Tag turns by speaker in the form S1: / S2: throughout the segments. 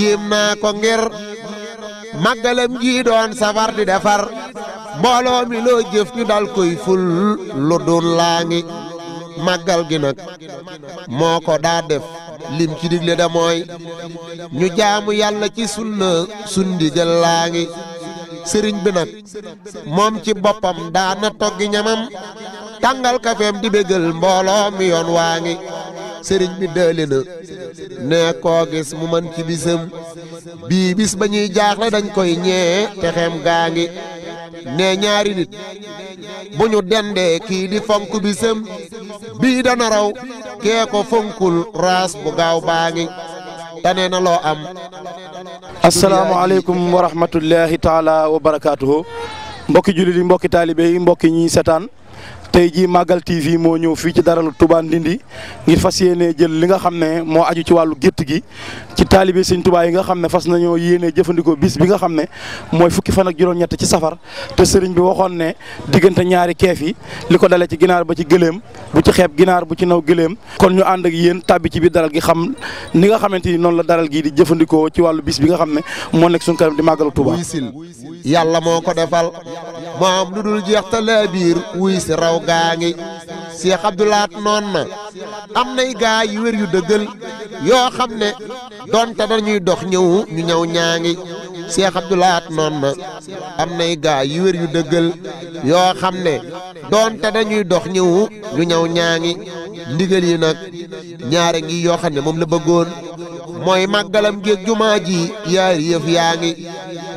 S1: yéem naa ko ngir màggalam gii doon safar di defar mbooloo mi loo jëf ñu dal koy ful lu dun laa ngi màggal gi nag moo ko daa def lim ci digle da mooy ñu jaamu yàlla ci sunna sundi jël laa ngi sëriñ bi nag moom ci boppam daana toggi ñamam tàngal kafeem di bégal mbooloo mi yoon waa ngi sëriñ bi dële na ne koo mu man ci bisam bii bis ba ñuy jaaxle dañ koy ñee te xem gaa ngi ne ñaari nit bu ñu dendee kii di fonk bisam bii dana raw kee ko fonkul raas bu gaaw baa ngi tane na loo am
S2: asalaamaaleykum
S1: wa rahmatullahi taala wa barakaatuhu mbokki
S2: jullit yi mbokki taalibe yi mbokki ñi setaan tey jii Magal TV moo ñëw fii ci daralu Touba Ndindi ngir fas yéenee jël li nga xam ne moo aju ci wàllu gétt gi ci taalibe sëñ Tuubaa yi nga xam ne fas nañoo yéene jëfandikoo bis bi nga xam ne mooy fukki fan ak juróom-ñett ci safar te sëriñ bi waxoon ne diggante ñaari keef yi li ko dalee ci ginaar ba ci gëléem bu ci xeeb ginaar bu ci naw gëléem kon ñu ànd ak yéen tàbbi ci biir daral gi xam ni nga xamante ni noonu la daral gi di jëfandikoo ci wàllu bis bi nga xam ne moo nekk suñu kanam di màggalu Tuubaa
S1: yàlla moo ko defal moo am lu dul jeex te laa biir wuy si raw gaa ngi Cheikh Abdou Lahad noon na am nay gaa yu wér yu dëggal yoo xam ne donte dañuy dox ñëwu ñu ñëw ñaa ngi Cheikh Abdou Lahad noon na am nay gaa yu wér yu dëggal yoo xam ne donte dañuy dox ñëwu ñu ñëw ñaa ngi ndigal yi nag ñaare ngi yoo xam ne moom la bëggoon mooy màggalam géeg jumaa ji yaari yëf yaa ngi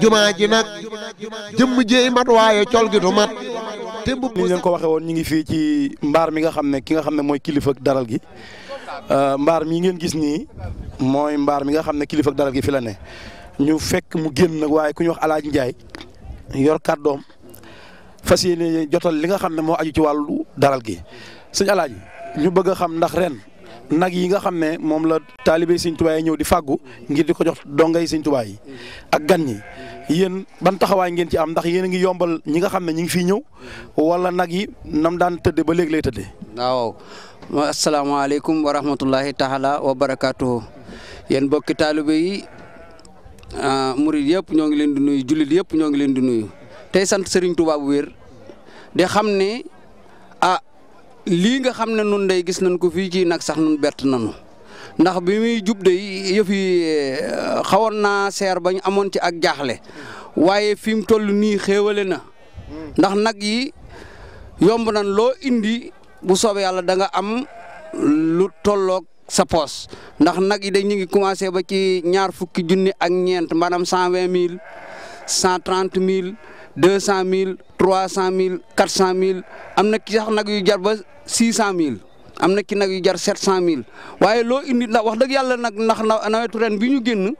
S1: jumaa ji nag jëmm jéey mat waaye col mat te bu ñu leen ko waxee woon ñu ngi fii ci mbaar mi nga xam ne ki nga xam ne mooy kilifa
S2: daral gi euh, mbaar mi ngeen gis nii mooy mbaar mi nga xam ne kilifa daral gi fi la ne ñu fekk mu génn nag waaye ku ñu wax alaaj Njaay yor kàddoom fas yéene jotal li nga xam ne moo aju ci wàllu daral gi sëñ Alaaji ñu bëgg a xam ndax ren nag yi nga xam ne moom la taalibe sëñ Tuubaa yi ñëw di fàggu ngir di ko jox dongay sëñ Tuubaa yi ak gan ñi. yéen ban taxawaay ngeen ci am ndax yéen a ngi yombal ñi nga xam ne ñu ngi fi ñëw wala nag yi nam daan tëddee ba léegi lay tëddee.
S3: waaw asalaamaaleykum wa rahmatullahi taala wa barakaatuhu yéen mbokki taalibe yi ah, murid yëpp ñoo ngi leen di nuyu jullit yëpp ñoo ngi leen di nuyu tey sant Serigne Touba bu de xam ne a ah, lii nga xam ne nun day gis nañ ko fii ci nag sax nun bett nañu. ndax bi muy jub de yëf yi eh, xawoon naa seer bañ amoon ci ak jaaxle waaye fi mu toll nii xéewale na ndax nag yi yomb nan loo indi bu soobee yàlla da nga am lu tollook sa poos ndax nag yi dañ ñu ngi commencé ba ci ñaar fukki junni ak ñeent maanaam cent vingt mille cent trente mille deux cent mille trois cent mille quatre cent mille am na ki sax nag yu jarba ba six cent mille am na ci nag yu jar sept cent mille waaye loo indi ndax wax dëgg yàlla nag ndax nawetu ren bi ñu génn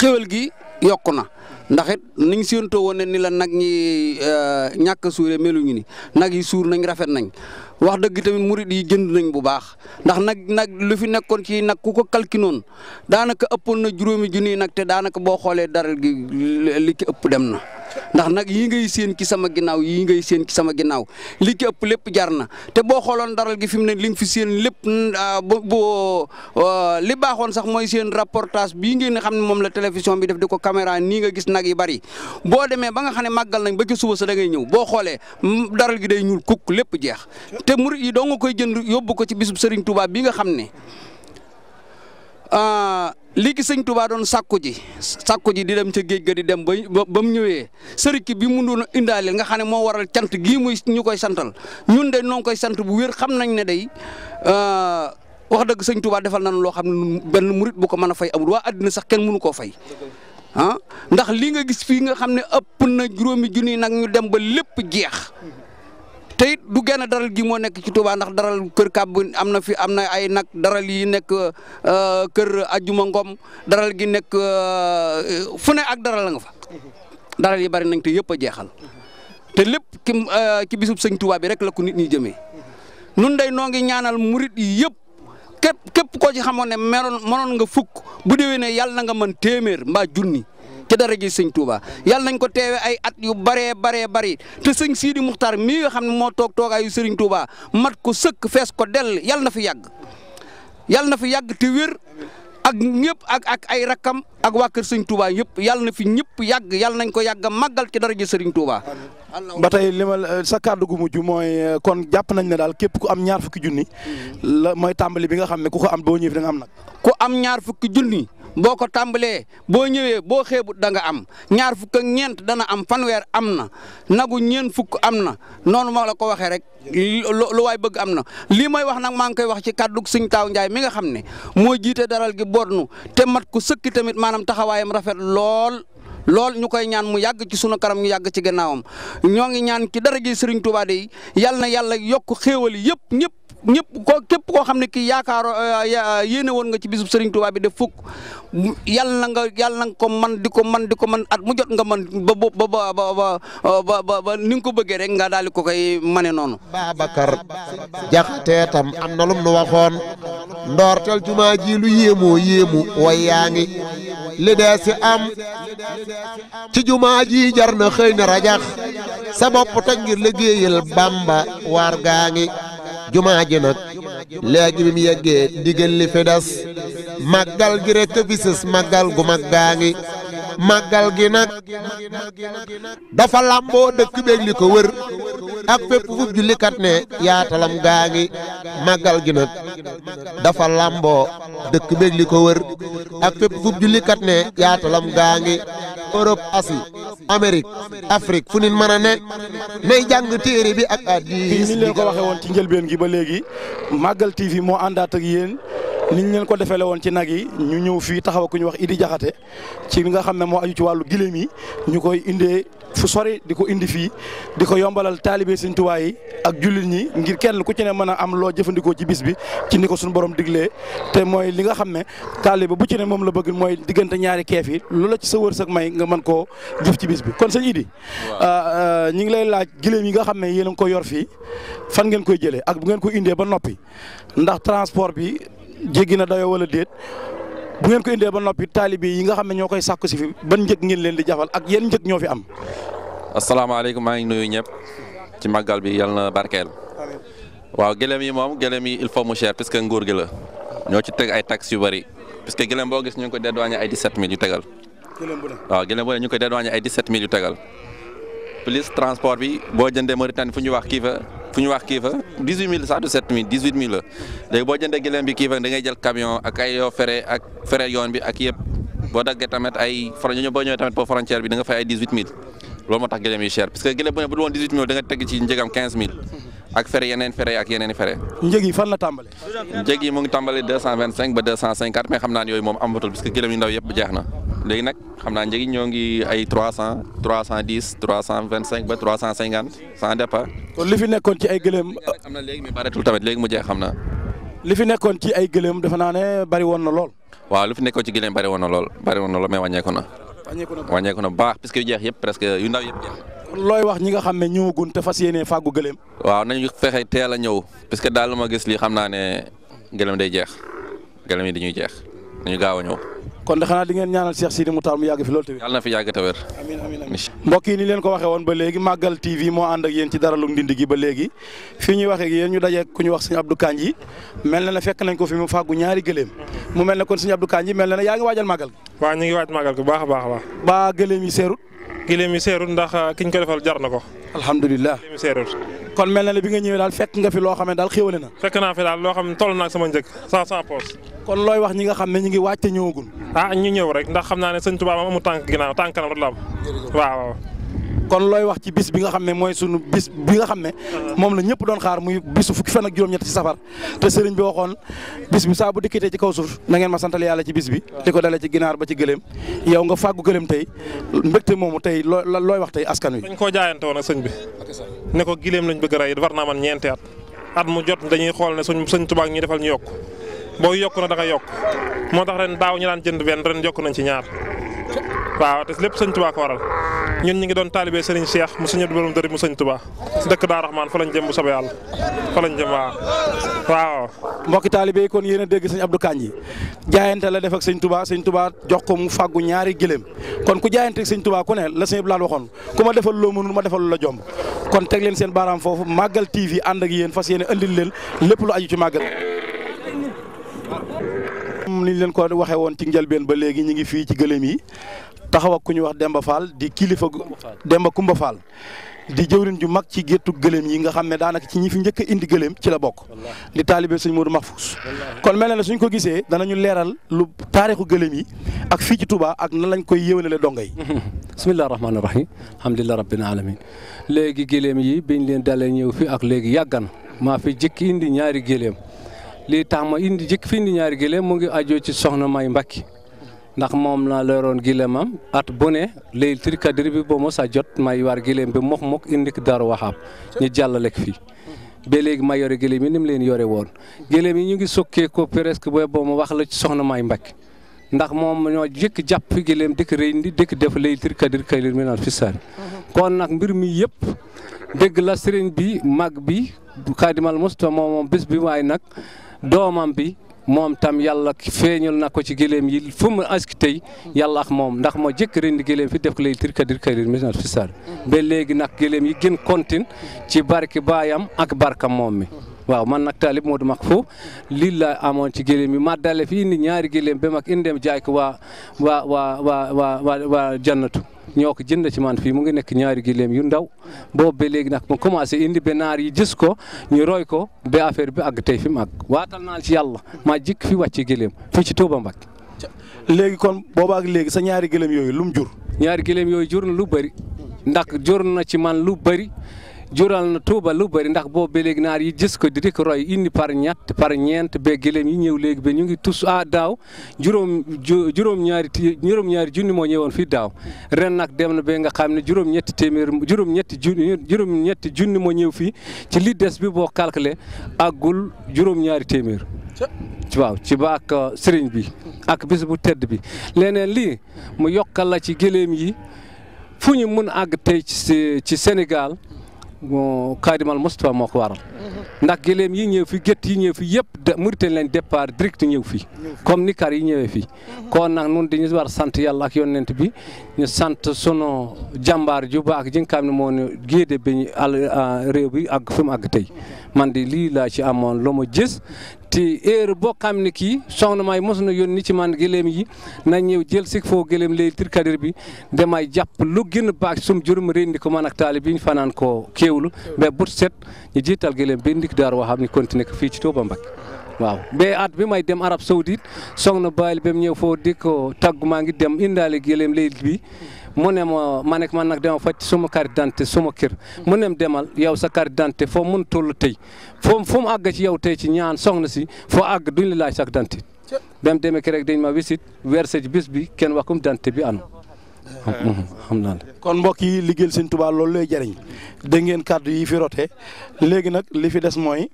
S3: xéwal gi yokku na ndax it niñ séentoo woon ne ni la nag ñi euh, ñàkk a suuree meluñu ni nag yi suur nañ rafet nañ wax dëgg tamit murid yi jënd nañ bu baax ndax nag nag lu fi nekkoon ci nag ku ko kalkinoon daanaka ëppoon na juróomi junni nag te daanaka boo xoolee dara gi li ci ëpp dem na. ndax nag yi ngay séen ci sama ginnaaw yii ngay séen ci sama ginnaaw li ci ëpp lépp jar na te boo xooloon daral gi fi mu ne li nga fi séen lépp ah, bu ah, li baaxoon sax mooy seen reportage bii ngeen xam ne moom la télévision bi def di ko caméra nii nga gis nag yi bari boo demee ba nga xam ne màggal nañ ba ci suba sa da ngay ñëw boo xoolee mm, daral gi day ñuul kukk lépp jeex te mu yi doo nga koy jënd yóbbu ko ci bisub Serigne tubaab bi nga xam ne ah, lii ki sëñ Touba doon sàkku ji sàkku ji di dem ca géej ga di dem ba ba mu ñëwee sëriki bi mu doon indaaleel nga xam ne moo waral cant gii muy ñu koy santal ñun de noo koy sant bu wér xam nañ ne day euh, wax dëgg sëñ Touba defal nañ loo xam ne benn murit bu ko mën a fay amul waa àddina sax kenn mënu koo fay. Ah, ndax li nga gis fi nga xam ne ëpp na juróomi junni nag ñu dem ba lépp jeex. te it du genn daral gi moo nekk ci Touba ndax daral kër kàbb am na fi am na ay nag daral yi nekk euh, kër ajuma ngom daral gi nekk euh, fu ne ak daral la nga fa daral yi bari nañ te yëpp a jeexal te lépp ki ci euh, bisub sëñ tubaab bi rek la ko nit ñi jëmee nun day noo ñaanal murit yi yëpp képp képp koo ci xamoon ne meloon mënoon nga fukk bu déwee ne yàlla na nga mën téeméer mbaa junni ci dara gi sëñ Touba yàlla nañ ko teewe ay at yu baree baree bari te sëñ Sidi Muxtaar mii nga xam ne moo toog toogaayu sëriñ Touba mat ko sëkk fees ko dell yàlla na fi yàgg yàlla na fi yàgg te wér ak ñëpp ak ak ay rakkam ak waa kër sëñ Touba yëpp yàlla na fi ñëpp yàgg yàlla nañ ko yàgg màggal ci dara gi sëriñ Touba.
S2: ba tey li ma sa gu mujj mooy kon jàpp nañ ne daal képp ku am ñaar fukki junni.
S3: la mooy tàmbali bi nga xam ne ku ko am boo ñëwee da am nag. ku am ñaar fukki junni boo ko tàmbalee boo ñëwee boo xeebut da nga am ñaar fukk ak ñeent dana am fanweer am na nagu ñeent fukk am na noonu ma la ko waxee rek lu waay bëgg am na. lii may wax nag maa ngi koy wax ci kàddu Sëñ Taaw Njaay mi nga xam ne moo jiite daral gi bornu te mat ku sëkk tamit maanaam taxawaayam rafet lool. lool ñu koy ñaan mu yàgg ci sunu karam ñu yàgg ci gannaawam ñoo ngi ñaan ci dara ji Serigne Touba de yal na yàlla yokk xéewal yëpp ñëpp ñëpp ko képp koo xam ne ki yaakaaro euh, euh, yéene woon nga ci bisub Serigne Touba bi def fukk yal na nga yal na ko man di ko man di ko man at mu jot nga man ba ba ba ba ba ba ni ko bëggee rek nga daal di ko koy mane noonu.
S1: Babacar Jaxate tam am na lum nu waxoon ndoortel jumaa ji lu yéemoo yéemu way yaa ngi li am. ci jumaa ji jar na xëy na rajax sa bopp ngir liggéeyal Bàmba waar gaa ngi jumaa ji nag léegi bi mu yeggee fi des màggal gi rekk fi sës màggal gu mag gaa ngi màggal gi nag dafa làmboo dëkk beeg li ko wër ak fépp fu jullikat ne yaatalam gaa ngi màggal gi nag dafa làmboo dëkk beeg li ko wër ak fépp fu jullikat ne yaatalam gaa ngi Europe Asie Amérique Afrique fu nit mën a ne nay jàng téere bi ak addiis ni leen ko waxee woon ci njëlbeen gi ba léegi
S2: Magal TV moo àndaat ak yéen niñ leen ko defele woon ci nag yi ñu ñëw fii taxaw ku wax Idi Jaxate ci li nga xam ne moo aju ci wàllu giléem yi ñu koy indee fu sori di ko indi fii di ko yombalal taalibe Sëñ Tuubaa yi ak jullit ñi ngir kenn ku ci ne mën a am loo jëfandikoo ci bis bi ci ni ko suñu borom diglee te mooy li nga xam ne taalibe bu ci ne moom la bëgg mooy diggante ñaari keef yi loola ci sa wërsëg may nga mën koo jëf ci bis bi kon sëñ Idi ah, ah, ñi ngi lay laaj giléem yi nga xam ne yéen a ngi ko yor fii fan ngeen koy jëlee ak bu ngeen ko indee ba noppi ndax transport bi jéggi na dayoo wala déet bu ngeen ko indee ba noppi taalibe yi nga xam ne ñoo koy sàkku si fi ban njëg ngeen leen di jafal ak yéen njëg ñoo fi am.
S4: asalaamaaleykum maa ngi nuyu ñëpp ci màggal bi yàlla na barkeel. waaw gëlëm yi moom gëlëm yi il faut mu cher puisque nguur gi la ñoo ci teg ay taxes yu bëri que gëlëm boo gis ñu ngi ko dédouané ay 17000 yu tegal. gëlëm bu ne waaw gëlëm bu ne ñu ngi ko dédouané ay 17000 yu tegal. plus transport bi boo jëndee Mauritanie fu ñu wax kii fa fu ñu wax kiifa dix huit mille sax du sept mille dix huit mille la léegi boo jëndee gëléem bi kiifa da ngay jël camion ak ay yoo fere ak fere yoon bi ak yëpp boo daggee tamit ay frontière bi da fay ay dix huit mille loolu moo tax gëléem yi cher parce que bu ne bu dul woon dix huit mille da teg ci njëgam quinze mille ak fere yeneen fere ak yeneen i fere.
S2: njëg yi fan la tàmbalee.
S4: njëg yi mu tàmbalee ba deux cent xam naa yooyu moom amatul parce que gëléem léegi nag xam naa njëgi ñoo ngi ay trois cent trois cent dix trois cent vingt cinq ba trois cent cinquante sans départ.
S2: kon li fi nekkoon ci ay gëléem.
S4: am na léegi mais bareetul tamit léegi mu jeex xam na
S2: li fi nekkoon ci ay gëléem defe naa ne bari woon na lool.
S4: waaw li fi nekkoon ci gëléem bari woon na lool bari woon na lool mais wàññeeku na. wàññeeku na baax wàññeeku na baax puisque yu jeex yëpp presque yu ndaw yëpp jeex
S2: looy wax ñi nga xam ne ñëwagun te fas yéenee fàggu gëléem.
S4: waaw nañu fexe teel a ñëw parce que daal lu ma gis lii xam naa ne gëléem day jeex gëléem yi dañuy jeex nañu gaaw a ñëw
S2: kon de xanaa di ngeen ñaanal Cheikh Sidi Moutar mu yàgg fi loolu tamit.
S4: yàlla na fi yàgg te wér. amiin
S2: amiin leen ko waxee woon ba léegi Magal TV moo ànd ak ci dara lu ndindi gi ba léegi fii ñuy waxee ak ñu daje ku ñu wax sëñ Abdou Kandji mel na ne fekk nañ ko fi mu fàggu ñaari gëléem mu mel na kon sëñ Abdou Kandji mel na ne yaa ngi waajal Magal. waaw baax a baax a baax. ba gëléem yi seerut. gëléem yi seerut ndax uh, ki ko defal jar na ko. alhamdulilah kon mel na ne bi nga ñëwee na. fekk naa loo xam ne toll naa sama njëg sa kon looy wax ñi nga xam ne ñu ngi wàcc te ñëwagul. ah ñu ñëw rek ndax xam naa ne sëñ Tuubaa moom amul tànk ginnaaw tànk kanam rek la waaw kon looy wax ci bis bi nga xam ne mooy sunu bis bi nga xam ne. moom la ñëpp doon xaar muy bisu fukki fan ak juróom-ñett ci safar. te sëriñ bi waxoon bis bi saa bu dikkatee ci kaw suuf na ngeen ma santal yàlla ci bis bi. li ko dalee ci ginaar ba ci gëléem. yow nga fàggu gëléem tey mbégte moomu tey loo looy wax tey askan wi. dañ koo jaayante woon sëñ bi. ne ko gëléem lañ bëgg rek war naa man ñeenti at at mu jot dañuy xool ne suñ sëñ Tuubaa ñi defal ñu yokk boo yokku na da yokk moo tax ren daaw ñu daan jënd benn ren yokku nañ ci ñaar waaw te lépp sëñ Tuubaa ko waral ñun ñu ngi doon taalibe Serigne Cheikh mu sëñ borom dëri mu sëñ Tuubaa dëkk Daaru Rahmaan fa lañ jëm bu soobee yàlla fa lañ jëm waaw waaw mbokki taalibe yi kon yéen a dégg sëñ Abdou yi jaayante la def ak sëñ Tuubaa sëñ Tuubaa jox ko mu fàggu ñaari gëléem kon ku jaayante ak sëñ Tuubaa ku ne la sëñ Abdou Lahad waxoon ku ma defal loo mënul ma defal la jomb kon teg leen seen baaraam foofu Magal TV ànd ak yéen fas yéene andil leen lépp lu aju ci Magal comme leen ko waxee woon ci njëlbeen ba léegi ñu ngi fii ci gëléem yi taxaw ak ku ñuy wax Demba Fall di kilifa Demba Kumba Fall di jëwrin ju mag ci géttu gëléem yi nga xam ne daanaka ci ñi fi njëkk indi gëléem ci la bokk di taalibe suñ Modou Mahfous kon mel na ne suñ ko gisee danañu leeral lu taarixu gëléem yi ak fii ci
S5: Touba ak nan lañ koy yéwénale dongo yi bisimilah rahmaani rahim alhamdulilah rabbil alamin léegi gëléem yi biñ leen dalee ñëw fi ak léegi yàggan maa fi jëkk indi ñaari gëléem lii tax ma indi jëkk fi indi ñaari gëléem mu ngi ajoo ci soxna May Mbacke ndax moom laa leeroon gëléemam at bu ne Laylatul Qadr bi ba mos a jot may war gëléem bi mokk mokk indi ko Daaru Waxaab ñu jàllale ko fii. ba léegi ma yore gëléem yi ni mu leen yore woon gëléem yi ñu ngi sokkee ko presque booy ma wax la ci soxna May Mbacke ndax moom ñoo jëkk jàpp fi gëléem dëkk rëy ndi dëkk def Laylatul Qadr kaylin minal fisaar kon nag mbir mi yëpp dëgg la sëriñ bi mag bi Xaadimal Mustafa moom bés bi waaye nag doomam bi moom tam yàlla feeñol na ko ci gëléem yi fu mu aski tey yàlla ak moom ndax moo jëkk ren di gëléem fi def ko lay tirkadir kadir misna fi sar ba léegi nag gëléem yi gën kontin ci barke baayam ak barkam moom mi waaw man nag taalib Modou Makfou lii laa amoon ci gëléem yi ma dale fi indi ñaari gëléem ba mag indeem jaay ko waa waa waa waa waa waa jannatu ñoo ko jënd ci man fii mu ngi nekk ñaari gileem yu ndaw boobu ba léegi nag mu commencé indi be naar yi gis ko ñu roy ko ba affaire bi àgg tey fi mu àgg waatal naa ci yàlla maa jikk fi wàcce gileem fii ci Touba Mbacké. léegi kon boobaak léegi sa ñaari gileem yooyu lum jur. ñaari gileem yooyu jur na lu bari ndax jur na ci man lu bëri. jural na Touba lu bëri ndax boobu ba léegi naar yi gis ko di di ko roy indi par ñett par ñeent be gëléem yi ñëw léegi ba ñu ngi tous a ah, daaw juróom juróom-ñaari juróom-ñaari junni moo ñëwoon fii daaw ren nag dem na ba nga xam ne juróom-ñetti téeméer juróom-ñetti junni juróom-ñetti junni moo ñëw fii ci li des bi boo calculé àggul juróom-ñaari téeméer waaw ci ba ak euh, sëriñ bi ak bis bu tedd bi leneen li mu yokkal la ci gëléem yi fu ñu mun àgg tey ci Sénégal kaadimal Moustapha moo ko waral mhm. ndax gëléem yi ñëw fi gétt yi ñëw fi yëpp Mauritanie leen départ direct ñëw fi comme ni kar yi ñëwee fi mhm. kon nag nun dañu war sant yàlla ak yonent bi ñu sant sunu jàmbaar ju baax ji nga xam ne moo ñu géede bi àll euh, réew bi fi mu àgg tey mhm. man lii laa amoon lu ma te heure boo xam ne kii soxna may mos na ni ci man gëléem yi na ñëw jël si foo gëléem lay tirkadir bi damay jàpp lu gën a baax sum juróom rendi ko man ak taalib yi ñu fanaan koo kéewlu mais but set ñu jiital gëléem bi ndik daar woo xam ne continué ko fii ci ba Mbacké waaw ba at bi may dem Arab Saoudite soxna Baali ba mu ñëw foo di ko taggu maa ngi dem indaale gëléem lay bi mu ne ma ma nekk man nag dama faj suma carte d'identité suma kër mu ne demal yow sa carte d'identité foo mun toll tey foo fu mu àgg ci yow tey ci ñaan soxna si foo àgg duñ la laaj sa d'identité bam ki rek dañ ma wisit verse ci bis bi kenn waxum d'identité bi anu xam naa
S2: kon mbokk yi liggéeyal Sëñ Tuubaa loolu lay jëriñ da ngeen kàddu yi fi rote léegi nag li fi des mooy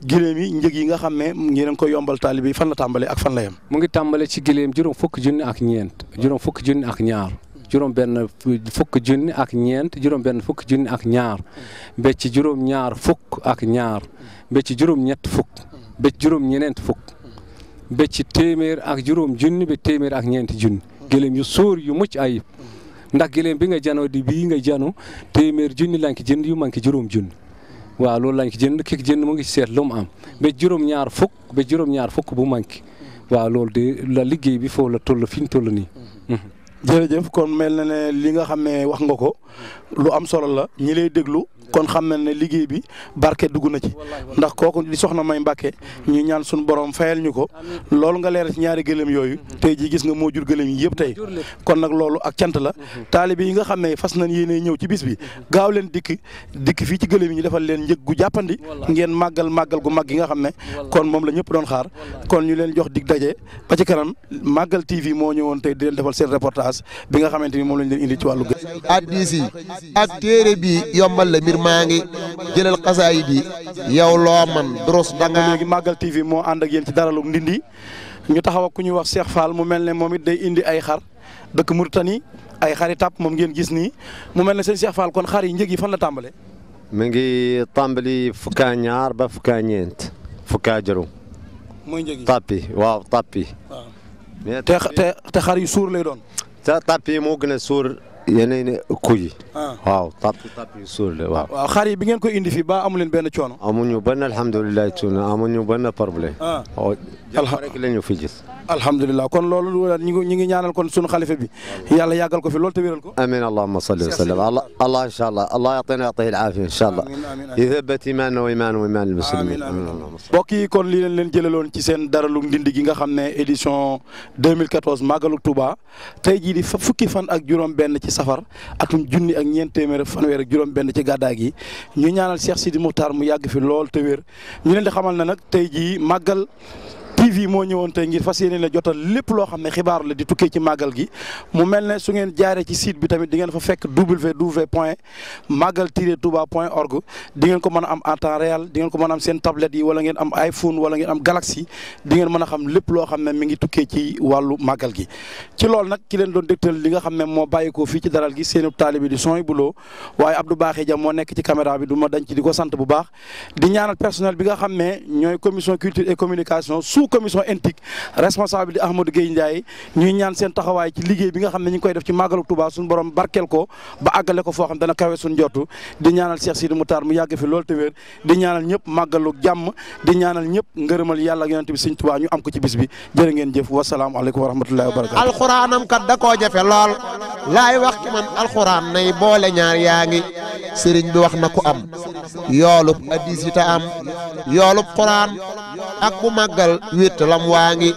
S2: giléem yi njëg yi nga xam ne ngeen ko yombal taalibe yi fan la tàmbalee ak fan la yem.
S5: mu ngi tàmbale ci giléem juróom fukki junni ak ñeent juróom fukki junni ak ñaar juróom benn fukk junni ak ñeent juróom benn fukk junni ak ñaar ba ci juróom ñaar fukk ak ñaar ba ci juróom ñett fukk ba ci juróom ñeneent fukk ba ci téeméer ak juróom junni ba téeméer ak ñeenti junni gëléem yu sóor yu mucc ayib ndax gëléem bi nga janoo di bi nga jano téeméer junni lañ ko jënd yu manqué juróom junni waa lool lañ ko jënd ki jënd mu ngi seet lu mu am ba juróom ñaar fukk bu manqué waaw loolu de la liggéey bi foofu la toll fi ñu toll nii
S2: jërëjëf kon mel na ne li nga xam ne wax nga ko lu am solo la ñi lay déglu kon xam na ne liggéey bi barke dugg na ci ndax kooku di soxna May Mbàkke mhm. ñu ñaan suñu borom fayal ñu ko loolu nga leeral ci ñaari gëléem yooyu mhm. tey jii gis nga moo jur gëléem yi yëpp tey kon nag loolu ak cant la mhm. taalibe yi nga xam ne fas nañ yéene ñëw ci bis bi gaaw leen dikk dikk fii ci gëléem ñu defal leen njëg gu jàppandi ngeen màggal màggal gu mag gi nga xam ne kon moom la ñëpp doon xaar kon ñu leen jox dig daje ba ci kanam màggal TV moo ñëwoon tey di leen defal seen
S1: reportage bi nga xamante ni moom lañ leen indi ci wàllu gëléem. ak téere bi yombal la mbir maa ngi jëlal xasaayid yi yow loo man durus da nga léegi Magal TV moo
S2: ànd ak yéen ci daralu Ndindi ñu taxaw ku ñuy wax seex Fall mu mel ne moom it day indi ay xar dëkk Murtani ay xari tàpp moom ngeen gis nii mu mel ne seen Cheikh Fall kon xar yi njëg yi fan la tàmbale
S5: mi ngi tàmbali fukkaa ñaar ba fukkaa ñeent fukkaa juróom mooy njëg yi tàppi waaw tàppi te xar yu suur lay doon te tàppi moo gën a suur yeneen kuy. Ah. waaw tàpp tàpp yu suul la waaw. waaw xar yi bi ngeen ko indi fi ba amu leen benn coono. amuñu benn alhamdulilah coono amuñu benn problème.
S2: waaw ah. oh, jàpp rek la ñu fi gis. alhamdulilah kon loolu ñu ngi ñaanal kon sunu xalifa
S5: bi yàlla yàggal ko fi loolu te wéral ko. amiin allahumma salli wa sallam allah incha allah allah yatina yatihi alaafiya incha allah. yuthabbit imaanana wa imaana wa imaana al-muslimiin. mbokk yi kon lii leen leen
S2: jëlaloon ci seen daralu ndindi gi nga xam ne édition 2014 màggalu Touba tey jii di fukki fan ak juróom benn ci safar atum junni ak ñeent téeméer ak fanweer juróom-benn ci gàddaa gi ñu ñaanal Cheikh Sidi Moukhtar mu yàgg fi lool te wér ñu leen di xamal na nag tey jii màggal TV moo ñëwoon ngir fas yéene la jotal lépp loo xam ne xibaar la di tukkee ci màggal gi mu mel ne su ngeen jaaree ci site bi tamit di ngeen fa fekk www ngeen am en di ngeen ko xam lépp loo xam ne mi ngi tukkee ci wàllu màggal gi. ci loolu nag ki leen doon dégtal li nga xam ne moo bàyyeekoo fii ci daral gi seen taalibe di son bu waaye Abdou Baaxee Dia moo nekk ci caméra bi du dañ ci di ko sant bu baax di ñaanal personnel bi nga xam commission NTIC responsable di Ahmadou Guèye ñuy ñaan seen taxawaay ci liggéey bi nga xam ne ñu ngi koy def ci màggalu Touba suñu borom barkeel ko ba àggale ko foo xam dana kawe suñu njortu di ñaanal Cheikh Sidi Moutar mu yàgg fi loolu te wér di ñaanal ñëpp màggalu jàmm di ñaanal ñëpp ngërëmal yàlla ak yonent bi Sëriñ Touba ñu am ko ci bis bi jërë ngeen jëf wasalaamualeykum wa rahmatullahi wa barakatu
S1: alxuraanam kat da koo jafe lool laay wax ci man alxuraan nay boole ñaar yaa ngi sëriñ bi wax na ko am yoolub addis yi ta witt lam waa ngi